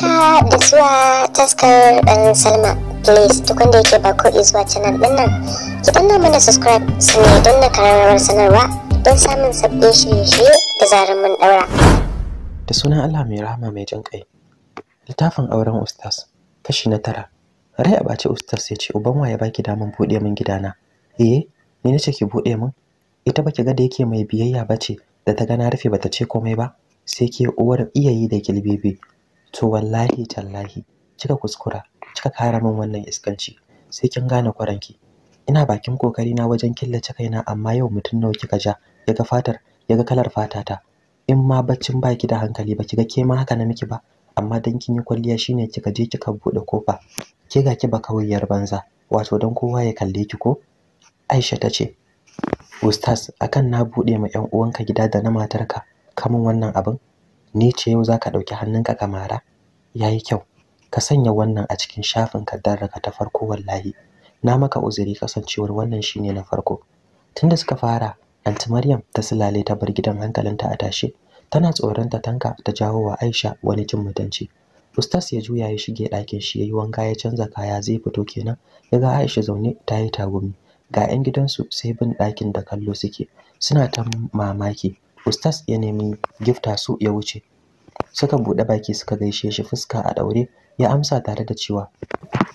haka da zuwa taskar dan salma please duk wanda yake ba ko zuwa canal din nan ki danna mana subscribe su ne don na kararrawar sanarwa don samun sabbin shirye-shirye da zarar mun daura da sunan allah mai rahama mai jin kai littafin auren ustaz kashi na tara rai a bace ustaz ya ce uban ya baki daman buɗe min gidana eh ni ce ki buɗe min ita baki ga da yake mai biyayya bace da ta gana na rufe bata ce komai ba sai ke uwar iyayi da kilbibi to wallahi tallahi kika kuskura kika kara min wannan iskanci sai kin gane kwaranki ina bakin kokari na wajen killace kaina amma yau mutun nawa kika ja yaga fatar yaga kalar ta. in ma baccin baki da hankali ba kiga ke ma haka na miki ba amma dan kin yi kwalliya shine kika je kika bude kofa ke ga ki ba kawayyar banza wato dan kowa ya kalle ki ko Aisha ta ce Ustaz akan na bude ma ƴan uwanka gida da na matarka kamun wannan abin ni ce yau zaka ɗauki hannunka ka mara yayi kyau ka sanya wannan a cikin shafin raka ta farko wallahi na maka uzuri kasancewar wannan shine na farko tunda suka fara anti Maryam ta sulale ta bar gidan hankalinta a tashe tana tsoron ta tanka ta jawo wa Aisha wani jin mutunci Ustas ya juya ya shige ɗakin shi yayi wanka ya canza kaya zai fito kenan daga Aisha zaune ta yi tagumi ga 'yan gidansu sai bin ɗakin da kallo suke suna ta mamaki ustas ya nemi gifta su ya wuce suka buɗe baki suka gaishe shi fuska a ɗaure ya amsa tare da cewa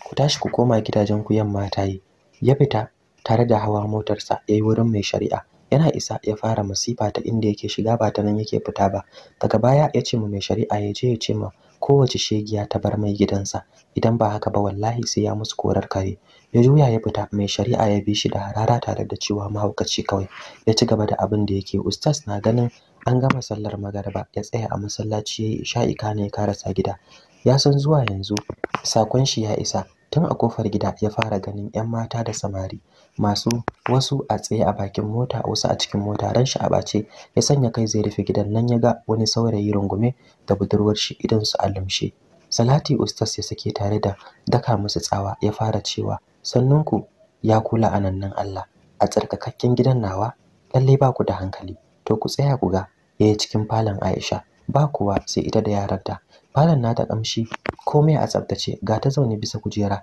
ku tashi ku koma gidajen ku, yamma ta yi ya fita tare da hawa motarsa ya yi wurin mai shari'a yana isa ya fara masifa ta inda yake shiga ba ta nan yake fita ba daga baya ya ce mai shari'a ya je ya ce ma kowace shegiya ta bar mai gidansa idan ba haka ba wallahi sai ya musu korar kare ya juya ya fita mai shari'a ya bi shi da harara tare da cewa mahaukaci kawai ya ci gaba da abin da yake ustaz na ganin an gama sallar magariba ya tsaya a masallaci ya yi isha'i na ya karasa gida ya san zuwa yanzu sakon shi ya isa tun a kofar gida ya fara ganin 'yan mata da samari masu wasu a tsaye a bakin mota wasu a cikin mota ran shi a bace ya sanya kai zai rufe gidan nan ya ga wani saurayi rungume da budurwar shi idan su a salati ustas ya sake tare da daka musu tsawa ya fara cewa sannunku ya kula a nan Allah a tsarkakakken gidan nawa Lallai ba ku da hankali to ku tsaya ku ga yayi cikin falon Aisha ba kuwa sai ita da yaranta falon na da kamshi komai a tsaftace ga ta zaune bisa kujera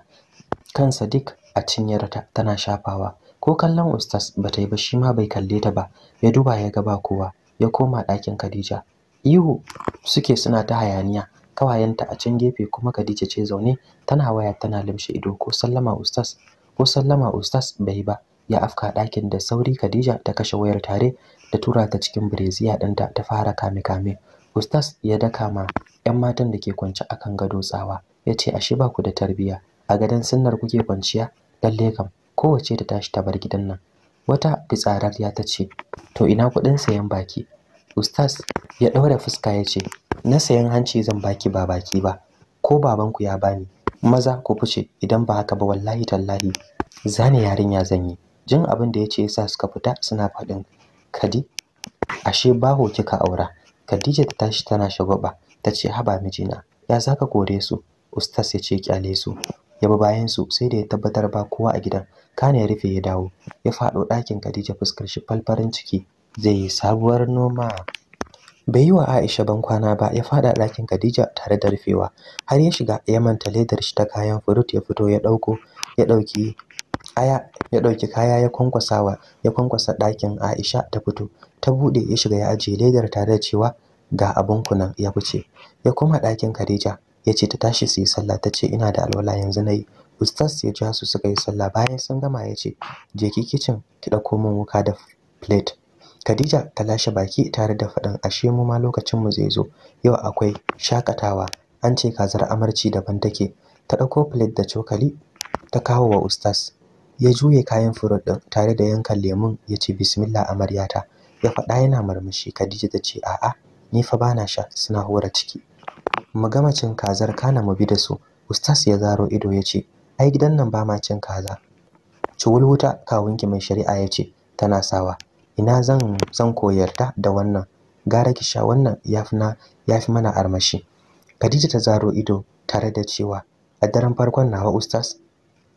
kan Sadiq a cinyarta tana shafawa ko kallon ustaz ta yi ba shi ma bai kalle ta ba ya duba ya ga ba kowa ya koma ɗakin Khadija ihu suke suna ta hayaniya kawayenta a can gefe kuma Khadija ce zaune tana waya tana limshe ido ko sallama ustaz ko sallama ustaz bai ba ya afka ɗakin da sauri Khadija ta kashe wayar tare da tura ta cikin bireziya ɗinta ta fara kame-kame ustaz ya daka ma 'yan matan da ke kwance akan gado tsawa ya ce ashe ba ku da tarbiyya a gadon sunnar kuke kwanciya lalle kam kowace ta tashi ta bar gidan nan wata fitsarar ya ta ce to ina kuɗin sayan baki ustaz ya ɗaura fuska ya ce na sayan hanci zan baki ba baki ba ko babanku ya bani maza ku fice idan ba haka ba wallahi tallahi zane yarinya zan yi jin abin da ya ce yasa suka fita suna faɗin kadi ashe baho kika aura Khadija ta tashi tana shagwaba tace haba haba mijina ya zaka kore su ustas ya ce kyale su ya ba bayan su sai da ya tabbatar ba kowa a gidan kana ya rufe ya dawo ya faɗo ɗakin Khadija fuskar shi falfarin ciki zai yi sabuwar noma bai yi wa Aisha ban kwana ba ya fada ɗakin Khadija tare da rufewa har ya shiga ya manta ledar shi ta kayan furut ya fito ya dauko ya dauki aya ya dauki kaya ya kwankwasawa ya kwankwasa ɗakin Aisha ta fito ta bude ya shiga ya ajiye ledar tare da cewa ga abun kunan ya fice ya koma ɗakin Khadija ya ce ta tashi su yi sallah ta ce ina da alwala yanzu nayi yi ustaz ya ja su suka yi sallah bayan sun gama ya ce je ki kicin ki ɗauko min wuka da plate Khadija ta lashe baki tare da faɗin ashe mu ma lokacin mu zai zo. Yau akwai shakatawa. An ce kazar amarci daban take. Ta ɗauko plate da cokali ta kawo wa ustaz. Ya juye kayan furut ɗin tare da yankan lemun ya ce bismillah amaryata. Ya faɗa yana murmushi Khadija ta ce a'a ni fa bana sha suna hora ciki. Mu gama cin kazar kana mu bi da su. Ustaz ya zaro ido ya ce ai gidan nan ba ma cin kaza. Ci wuta, kawunki mai shari'a ya ce tana sawa ina zan zan koyarta da wannan gara ki sha wannan yafi na yafi mana armashi Khadija ta zaro ido tare da cewa a daren farkon nawa ustaz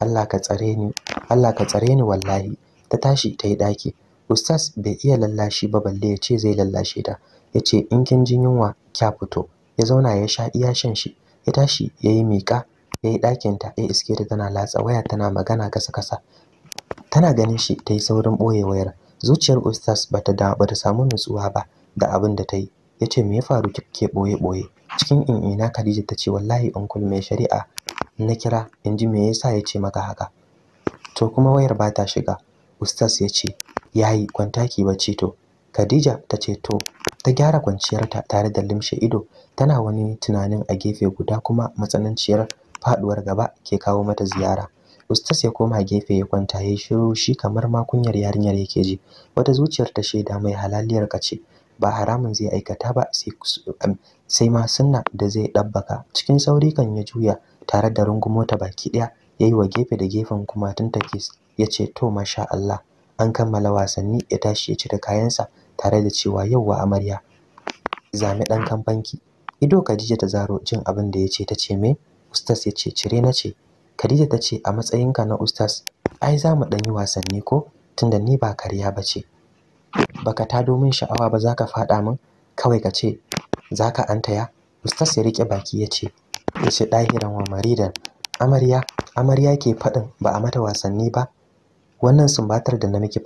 Allah ka tsare ni Allah ka tsare ni wallahi ta tashi ta yi daki ustaz bai iya lallashi ba balle ya ce zai lallashe ta Ya ce, in kin jin yunwa kya fito ya zauna ya sha iya shan shi ya tashi ya yi miƙa ya yi ɗakin ta ya iske ta tana latsa waya tana magana kasa kasa tana ganin shi ta yi saurin ɓoye wayar zuciyar ustaz bata da bata samu nutsuwa ba da abin da ta yi yace me ya faru kike boye boye cikin in ina Khadija tace wallahi uncle mai shari'a na kira inji me yasa yace maka haka to kuma wayar ba ta shiga ustaz yace yayi kwanta ki bacci to Khadija tace to ta gyara kwanciyar ta tare da limshe ido tana wani tunanin a gefe guda kuma matsananciyar faduwar gaba ke kawo mata ziyara Ustas ya koma gefe ya kwanta ya yi shiru shi kamar makunyar kunyar yarinyar yake ji. Wata zuciyar ta shaida mai halaliyar ka ce. ba haramun zai aikata ba sai ma sunna da zai ɗabbaka. Cikin sauri kan ya juya tare da rungumo ta baki ya yi wa gefe da gefen kuma tun take ce to masha Allah an kammala wasanni ya tashi ya cire kayansa tare da cewa yau wa amarya Zami ɗan kamfanki. Ido Khadija ta zaro jin abin da ta ce me? Ustas ce cire na ce. Khadija ta ce a matsayinka na ustaz ai za mu ɗan yi wasanni ko tunda ni ba kariya ba ce. Baka ta domin sha'awa ba za ka faɗa min kawai ka ce za ka antaya ustaz ya rike baki ya ce ya ce ɗahiran wa maridan amarya amarya ke faɗin ba a mata wasanni ba wannan sumbatar da na miki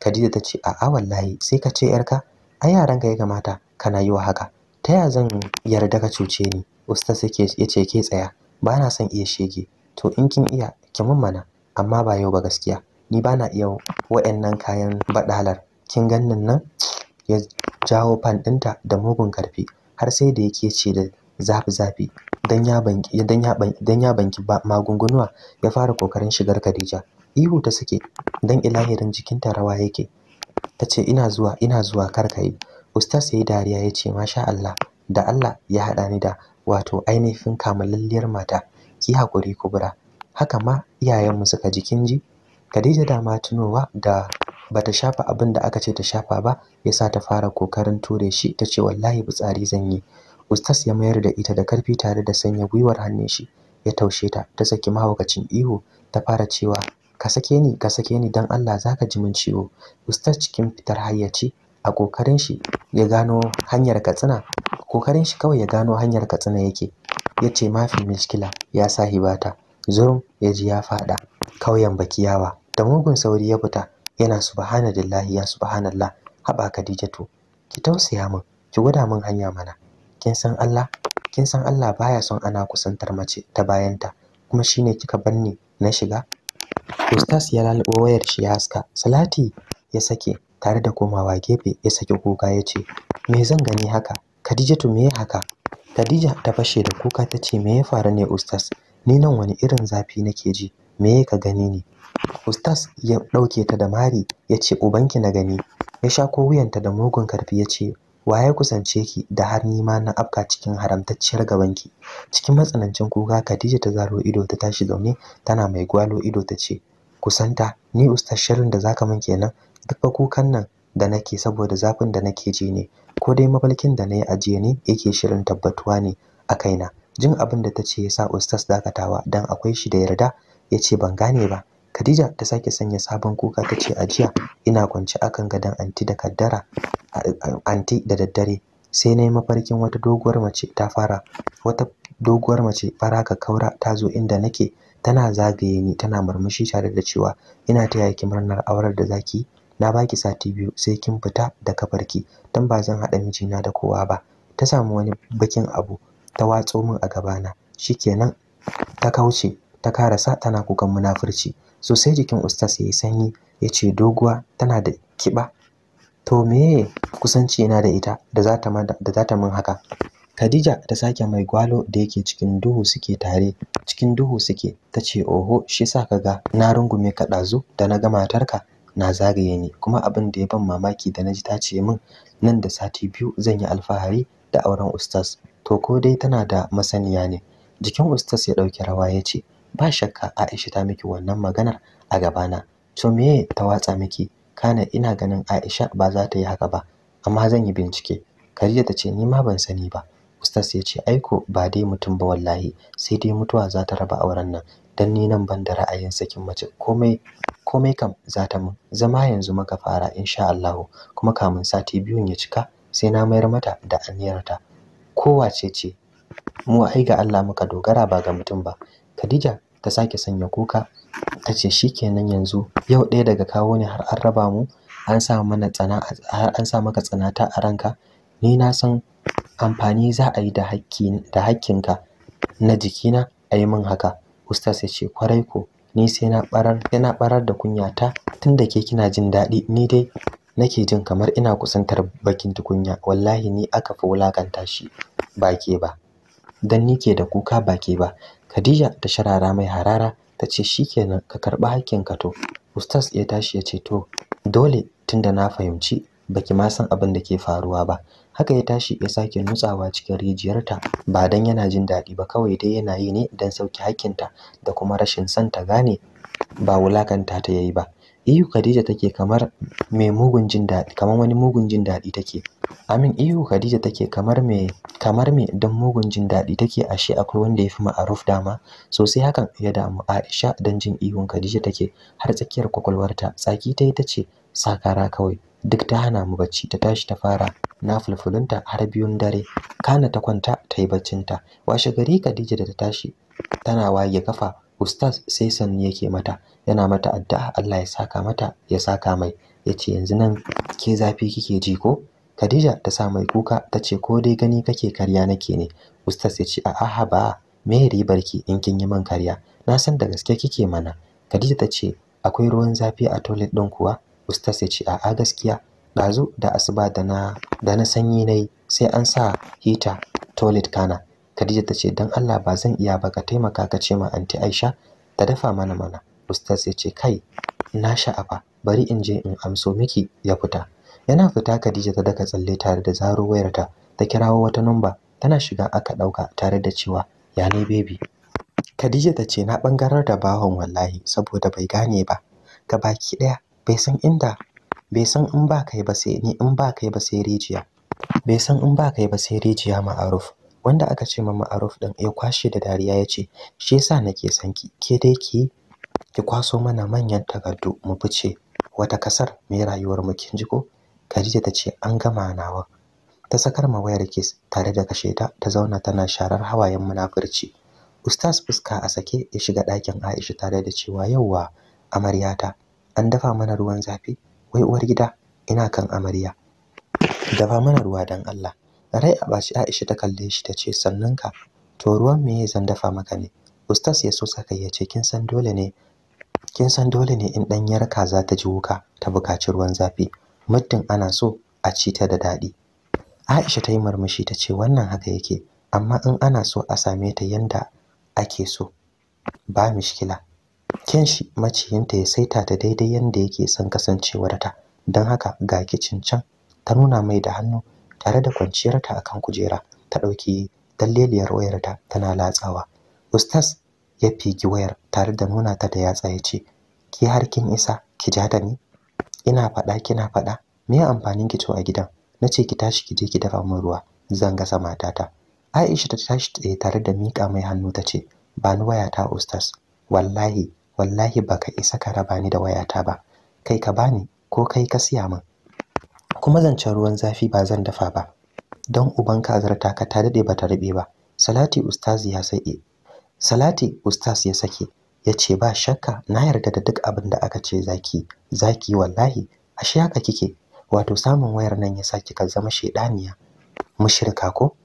Khadija ta ce a'a wallahi sai ka ce yarka ai yaranka ya kamata kana yi wa haka ta ya zan yarda ka cuce ni ustaz yake yace ke tsaya ba na son iya shege to in kin iya ki mun mana amma ba yau ba gaskiya ni ba na iya wa'annan kayan badalar kin gannin nan ya jawo fan ɗinta da mugun karfi har sai da yake ce da zafi zafi dan ya banki dan ya banki dan ya banki magungunuwa ya fara kokarin shigar Khadija ihu ta suke dan ilahirin jikinta rawa yake tace ina zuwa ina zuwa karkai ustaz yayi dariya yace masha Allah da Allah ya hada ni da wato ainihin kamalalliyar mata ki hakuri kubura haka ma iyayenmu suka ji kin ji Khadija da ma tunowa da bata shafa abin da aka ce ta shafa ba yasa ta fara kokarin ture shi ta ce wallahi tsari zan yi ustas ya mayar da ita da karfi tare da sanya gwiwar hannun shi ya taushe ta ta saki mahaukacin ihu ta fara cewa ka sake ni ka sake ni dan Allah zaka ji min ciwo ustas cikin fitar hayyaci a kokarin shi ya gano hanyar katsina kokarin shi kawai ya gano hanyar katsina yake ya ce mafi miskila ya sa hibata zurum ya ji ya faɗa kauyen bakiyawa da mugun sauri ya fita yana subhanallahi ya subhanallah haba Kadijatu. ki tausaya min ki gwada min hanya mana kin san Allah kin san Allah baya son ana kusantar mace ta bayanta kuma shine kika banni na shiga ustaz ya lalbo wayar shi ya haska salati ya sake tare da komawa gefe ya sake kuka ya ce me zan gani haka Kadijatu, me haka Khadija ta fashe da kuka ta ce me ya faru ne ustaz ni nan wani irin zafi nake ji me ya ka gani ne ustaz ya dauke ta da mari ya ce ubanki na gani ya shako wuyanta da mugun karfi ya ce waye kusance ki da har ni ma na afka cikin haramtacciyar gabanki cikin matsanancin kuka Khadija ta zaro ido ta tashi zaune tana mai gwalo ido ta ce kusanta ni ustaz shirin da zaka min kenan duk fa kukan nan da nake saboda zafin da nake ji ne ko dai mafarkin da na yi a ne yake shirin tabbatuwa ne a kaina jin abin da ta ce ya sa ustaz dakatawa don akwai shi da yarda ya ce ban gane ba khadija ta sake sanya sabon kuka ta ce a jiya ina kwance akan gadon anti da anti da daddare sai na yi mafarkin wata doguwar mace ta fara wata doguwar mace fara ka kaura ta zo inda nake tana zagaye ni tana murmushi tare da cewa ina ta yaki murnar aurar da zaki na baki sati biyu sai kin fita da kafarki dan ba zan haɗa mijina da kowa ba ta samu wani bakin abu ta watso min a gabana shikenan ta kauce ta karasa tana kukan munafurci sosai jikin ustas yayi sanyi yace doguwa tana da kiba to me kusanci na da ita da za ta da za ta min haka Khadija ta sake mai gwalo da yake cikin duhu suke tare cikin duhu suke tace oho shi sa ga. na rungume ka dazu da na ga matarka na zagaye ni kuma abin da ya ban mamaki da naji ta ce min nan da sati biyu zan yi alfahari da auren ustaz to ko dai tana da masaniya ne jikin ustaz ya dauki rawa ya ce ba shakka Aisha ta miki wannan maganar a gabana to meye ta watsa miki kana ina ganin Aisha ba za ta yi haka ba amma zan yi bincike Khadija ta ce ni ma ban sani ba ustaz ya ce aiko ba dai mutum ba wallahi sai dai mutuwa za ta raba auren nan dan ni nan ban da ra'ayin sakin mace komai komai kam za ta mun zama yanzu muka fara insha Allah kuma kamun sati biyun ya cika sai na mayar mata da aniyarta kowace ce mu ai ga Allah muka dogara ba ga mutum ba Khadija ta sake sanya kuka ta ce shikenan yanzu yau ɗaya daga kawo ne har an raba mu an sa mana tsana har an sa maka tsanata a ranka ni na san amfani za a yi da hakkin da hakkinka na jikina ayi yi min haka Ustaz ya ce kwarai ko ni sai na barar sai na barar da kunyata tunda ke kina jin daɗi ni dai nake jin kamar ina kusantar bakin tukunya wallahi ni aka fi wulakanta shi ba ke ba dan ni ke da kuka ba ke ba Khadija ta sharara mai harara ta ce shikenan ka karɓi hakkin to Ustaz ya tashi ya ce to dole tunda na fahimci baki ma san abin da ke faruwa ba haka ya tashi ya sake nutsawa cikin rijiyarta ba dan yana jin daɗi ba kawai dai yana yi ne dan sauki hakkinta da kuma rashin son ta gane ba wulakanta ta yayi ba iyu Khadija take kamar mai mugun jin daɗi kamar wani mugun jin daɗi take amin iyu Khadija take kamar mai kamar mai dan mugun jin daɗi take ashe akwai wanda yafi ma'aruf dama sosai hakan ya damu Aisha dan jin ihun Khadija take har tsakiyar kwakwalwarta tsaki ta tayi tace sakara kawai duk ta hana mu bacci ta tashi ta fara na fulfulunta har biyun dare kana ta kwanta ta yi baccinta washe gari Khadija da ta tashi tana waye kafa ustaz sai sanni yake mata yana mata addu'a Allah ya saka mata ya saka mai yace yanzu nan ke zafi kike ji ko Khadija ta sa mai kuka tace ko dai gani kake karya nake ne ustaz ya ce a haba me ribar ki in kin yi man karya na san da gaske kike mana Khadija ta ce akwai ruwan zafi a toilet din kuwa ustas ya ce a'a gaskiya ɗazu da asuba da na da na sanyi sai an sa hita toilet kana Khadija ta ce dan Allah ba zan iya ba ka taimaka ka ce ma anti Aisha ta dafa mana mana ustas ya ce kai na sha'afa bari in je in amso miki ya fita yana fita Khadija ta daka tsalle tare da zaro wayarta ta kirawo wata numba tana shiga aka ɗauka tare da cewa ya ne baby Khadija ta ce na bangarar da bahon wallahi saboda bai gane ba gabaki ɗaya. bai san inda bai san in ba kai ba sai ni in ba kai ba sai rijiya bai san in ba kai ba sai rijiya ma'aruf wanda aka ce ma ma'aruf din ya kwashe da dariya ya ce shi yasa nake son ki ke dai ki ki kwaso mana manyan takardu mu fice wata kasar mai rayuwar mu kin ji ko Khadija ta ce an gama nawa ta sakar ma wayar Kis tare da kashe ta ta zauna tana sharar hawayen munafurci ustaz fuska a sake ya shiga ɗakin Aisha tare da cewa yauwa amaryata an dafa mana ruwan zafi wai uwar gida ina kan amarya dafa mana ruwa dan Allah rai a bashi Aisha ta kalle shi tace sannanka to ruwan me zan dafa maka ne ustaz ya so saka yace kin san dole ne kin san dole ne in yarka za ta ji wuka ta bukaci ruwan zafi muddin ana so a ci ta da dadi Aisha ta yi murmushi tace wannan haka yake amma in ana so a same ta yanda ake so ba mishkila shi maciyinta ya saita ta daidai yanda yake son kasancewar ta, don haka ga kicin can ta nuna mai da hannu tare da kwanciyar kwanciyarta akan kujera ta ɗauki dalleliyar wayarta tana latsawa ustas ya figi wayar tare da nuna ta da yatsa ya ce ki har kin isa ki ja da ni ina faɗa kina faɗa me amfanin ki to a gidan na ce ki tashi ki je ki dafa min ruwa zan gasa matata Aisha ta tashi tsaye tare da miƙa mai hannu ta ce ba ni wayata ustas wallahi wallahi baka isa ka raba ni da wayata ba kai ka bani ko kai ka siya min kuma zancen ruwan zafi ba zan dafa ba don uban ka kazar ka ta dade bata rube ba salati ustazi ya sake salati ustaz ya sake ya ce ba shakka na yarda da duk abin da aka ce zaki zaki wallahi ashe haka kike wato samun wayar nan ya saki ka zama shedaniya mushrika ko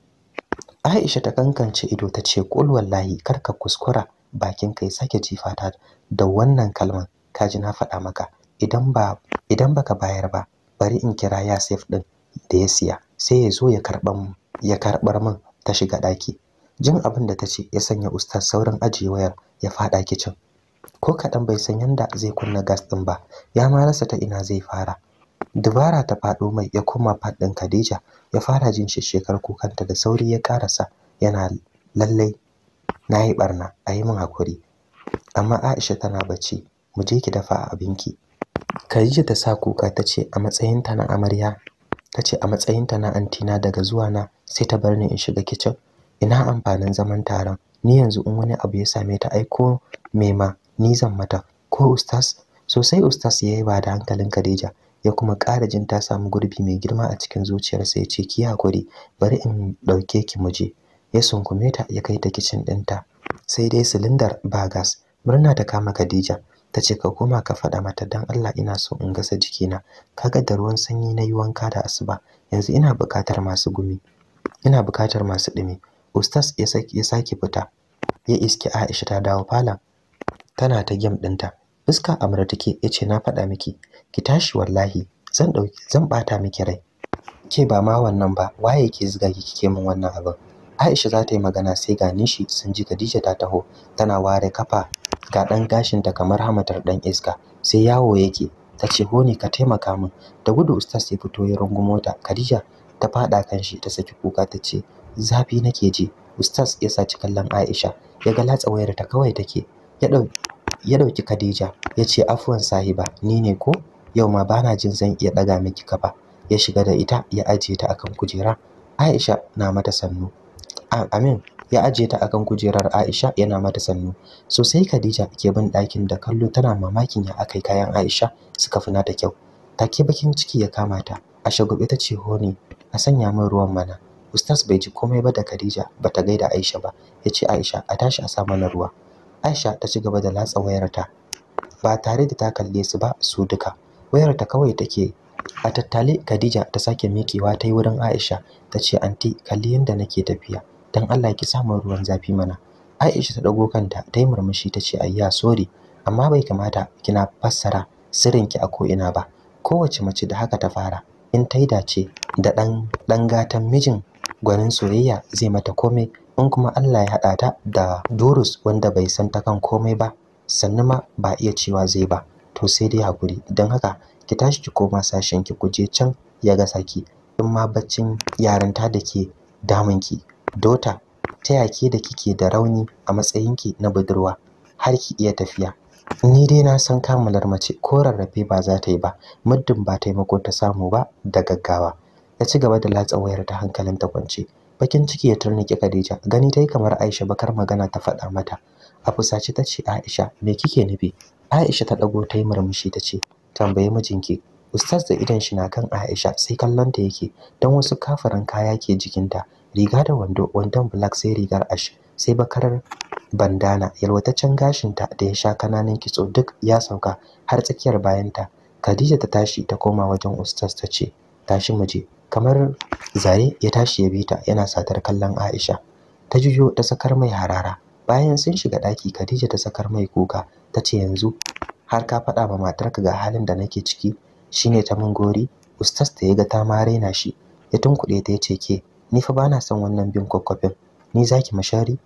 Aisha ta kankance ido ta ce kul wallahi karka kuskura bakin ka ya sake jifata da wannan kalman kaji na faɗa maka idan ba idan baka bayar ba bari in kira ya safe din da ya siya sai ya zo ya karban ya karbar min ta shiga daki jin abin da ta ce ya sanya ustaz saurin ajiye wayar ya faɗa kicin ko kaɗan bai san yanda zai kunna gas ɗin ba ya ma rasa ta ina zai fara dubara ta faɗo mai ya koma faɗin ɗin khadija ya fara jin shekar kukanta da sauri ya karasa yana lallai nayi yi barna a min hakuri amma Aisha tana bacci mu je ki dafa abinki Khadija ta sa kuka tace ce a matsayinta na amarya ta ce a matsayinta na antina daga zuwa na sai ta bar ni in shiga kicin ina amfanin zaman taron ni yanzu in wani abu ya same ta aiko me ma ni zan mata ko ustaz sosai ustaz ya yi ba da hankalin Khadija ya kuma ƙara jin ta samu gurbi mai girma a cikin zuciyarsa ya ce ki hakuri bari in ɗauke ki mu je ya sunkume ta ya kai ta kicin ɗinta sai dai silindar ba gas murna ta kama Khadija ta ce ka koma ka faɗa mata dan Allah ina so in gasa jikina kaga da ruwan sanyi na yi wanka da asuba yanzu ina buƙatar masu gumi ina buƙatar masu ɗumi Ustas ya saki ya fita ya iske Aisha ta dawo falon tana ta game ɗinta fuska amra take yace na faɗa miki ki tashi wallahi zan ɗauki zan ɓata miki rai ke ba ma wannan ba waye ke ziga ki kike min wannan abin Aisha za ta yi magana sai ga shi sun ji Khadija ta taho tana ware kafa ga ɗan gashinta kamar hamatar ɗan iska sai yawo yake ta ce ho honi ka taimaka min da gudu ustaz ya fito ya rungu mota Khadija ta faɗa kan shi ta saki kuka ta ce zafi nake ji ustaz ya saci kallon Aisha ya ga latsa wayar ta kawai take ya ya ɗauki Khadija ya ce afwan sahiba ni ne ko yau ma bana jin zan iya ɗaga miki kafa ya shiga da ita ya ajiye ta akan kujera Aisha na mata sannu Amin ya ajiye ta akan kujerar Aisha yana mata sannu. Sosai Khadija ke bin ɗakin da kallo tana mamakin ya akai kayan Aisha suka fi nata kyau. Take bakin ciki ya kama ta. A shagube ta ce honi a sanya min ruwan mana. Ustaz bai ji komai ba da Khadija bata gaida Aisha ba. Ya ce Aisha a tashi a sa mana ruwa. Aisha ta ci gaba da latsa wayarta ba tare da ta kalle su ba su duka. Wayarta kawai take a tattale Khadija ta sake mikewa ta yi wurin Aisha ta ce anti kalli yadda nake tafiya dan Allah ki samu ruwan zafi mana Aisha ta dago kanta ta yi murmushi tace ayya sorry amma bai kamata kina fassara sirrinki a ko ina ba kowace mace da haka ta fara in ta yi dace da dan dan gatan mijin gwanin soyayya zai mata komai in kuma Allah ya hada ta da Durus wanda bai san ta kan komai ba sannan ma ba iya cewa zai ba to sai dai hakuri dan haka ki tashi ki koma sashen ki kuje can ya ga saki in ma baccin yaranta da ke damun ki Dota, ya ke da kike da rauni a matsayinki na budurwa har ki iya tafiya? Ni dai na san kamalar mace ko rarrafe ba za ta yi ba, muddin ba taimako ta samu ba da gaggawa. Ya ci gaba da latsa wayar ta hankalin ta kwance. Bakin ciki ya turnike Khadija, gani ta yi kamar Aisha bakar magana ta faɗa mata. A fusace ta ce Aisha, me kike nufi? Aisha ta ɗago ta yi murmushi ta ce, tambayi mijinki. ustaz da idan shi na kan Aisha sai kallon ta yake dan wasu kafaran kaya ke jikinta riga da wando wandon black sai rigar ash sai bakarar bandana yalwataccen gashinta da ya sha kananan kitso duk ya sauka har tsakiyar bayanta Khadija ta tashi ta koma wajen ustaz ta ce tashi mu je kamar zare ya tashi ya bi ta yana satar kallon Aisha ta juyo ta sakar mai harara bayan sun shiga daki Khadija ta sakar mai kuka ta ce yanzu har ka faɗa ma matarka ga halin da nake ciki shine ta min gori ustas ta ya ga ta ma raina shi ya tunkuɗe ta yace ke ni fa bana son wannan bin kwakwafin ni zaki mashari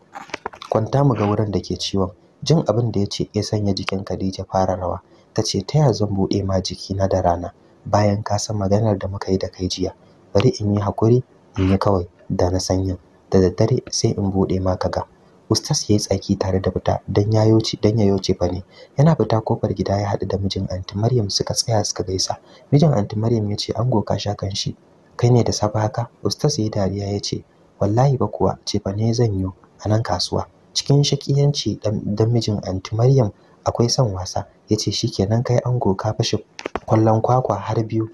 kwanta mu ga wurin da ke ciwon jin abin da yace ya sanya jikin Khadija fara rawa tace ta ya zan bude ma jiki na da rana bayan ka san maganar da muka yi da kai jiya bari in yi hakuri in yi kawai da na yin. da daddare sai in bude ma kaga ustas ya yi tsaki tare da fita don ya yoce don ya ne yana fita kofar gida ya haɗu da mijin anti maryam suka tsaya suka gaisa mijin anti maryam ya ce ango ka sha kan shi kai ne da safa haka ustas ya yi dariya ya ce wallahi ba kuwa ce fa ne zan yi a nan kasuwa cikin shakiyanci dan mijin anti maryam akwai son wasa ya ce shikenan kai ango ka fashe kwallon kwakwa har biyu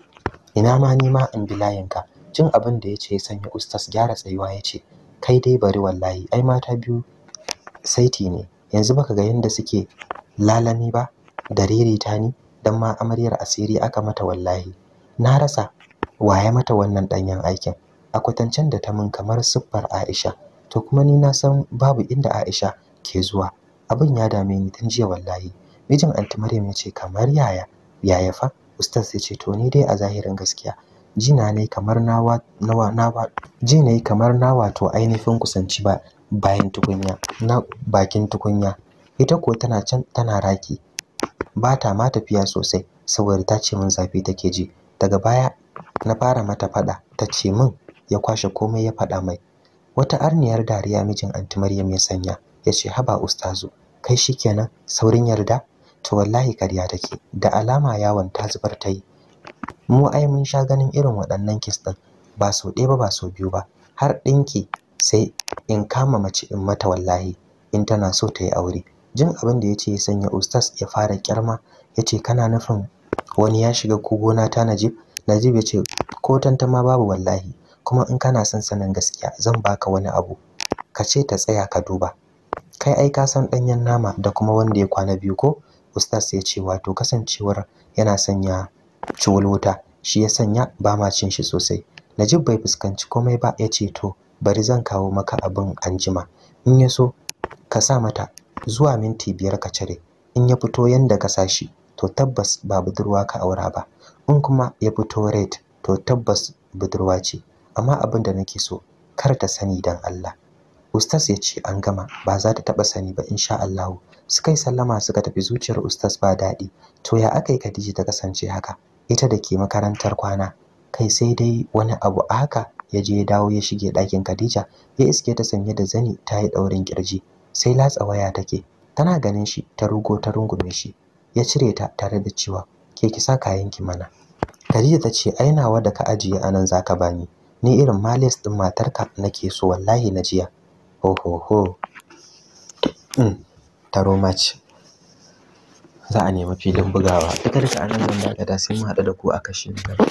ina ma ni ma in bi layinka Cin abin da ya ce ya sanya ustas gyara tsayuwa ya ce kai dai bari wallahi ai mata biyu saiti ne yanzu baka ga yanda suke lalami ba da ririta ni dan ma amaryar asiri aka mata wallahi na rasa waye mata wannan danyen aikin a kwatancen da ta min kamar siffar Aisha to kuma ni na san babu inda Aisha ke zuwa abin ya dame ni tun jiya wallahi mijin anti Maryam ya ce kamar yaya yaya fa ustaz ya ce to ni dai a zahirin gaskiya jina ne kamar na kamar nawa to ainihin kusanci ba bayan tukunya na bakin tukunya ita ko tana can tana raki ba ta ma tafiya sosai saboda ta ce min zafi take ji daga baya na fara mata fada ta ce min ya kwashe komai ya fada mai wata arniyar dariya mijin anti Maryam ya sanya ya ce haba ustazu kai shi shikenan saurin yarda to wallahi karya take da alama yawon ta zubar ta yi mu ai mun sha ganin irin waɗannan kis ba sau ɗaya ba ba sau biyu ba har ɗinki sai in kama mace in mata wallahi in tana so ta yi aure jin abin da yace ya sanya ustaz ya fara kyarma yace kana nufin wani ya shiga kogona ta Najib Najib yace ko tantama babu wallahi kuma in kana son sanin gaskiya zan baka wani abu ka ce ta tsaya ka duba kai ai ka san danyen nama da kuma wanda ya kwana biyu ko ustaz ya ce wato kasancewar yana sanya ciwulwuta shi ya sanya ba ma cin shi sosai Najib bai fuskanci komai ba ya ce to bari zan kawo maka abin anjima in ya so ka sa mata zuwa minti biyar ka cire in ya fito yanda ka sa shi to tabbas ba budurwa ka aura ba in kuma ya fito red to tabbas budurwa ce amma abin da nake so kar ta sani dan Allah Ustaz ya ce an gama ba za ta taba sani ba insha Allah suka yi sallama suka tafi zuciyar Ustaz ba daɗi to ya aka yi Khadija ta kasance haka ita da ke makarantar kwana kai sai dai wani abu haka ya je ya dawo ya shige ɗakin Khadija ya iske ta sanye da zani ta yi ɗaurin kirji sai latsa waya take tana ganin shi ta rugo ta rungume shi ya cire ta tare da cewa ke ki sa kayan ki mana Khadija ta ce ai nawa da ka ajiye anan zaka bani ni irin malis din matarka nake so wallahi na jiya ho ho ho mm, taro match za a nemi filin bugawa duka da anan zan gada sai mu haɗu da ku a kashi na gaba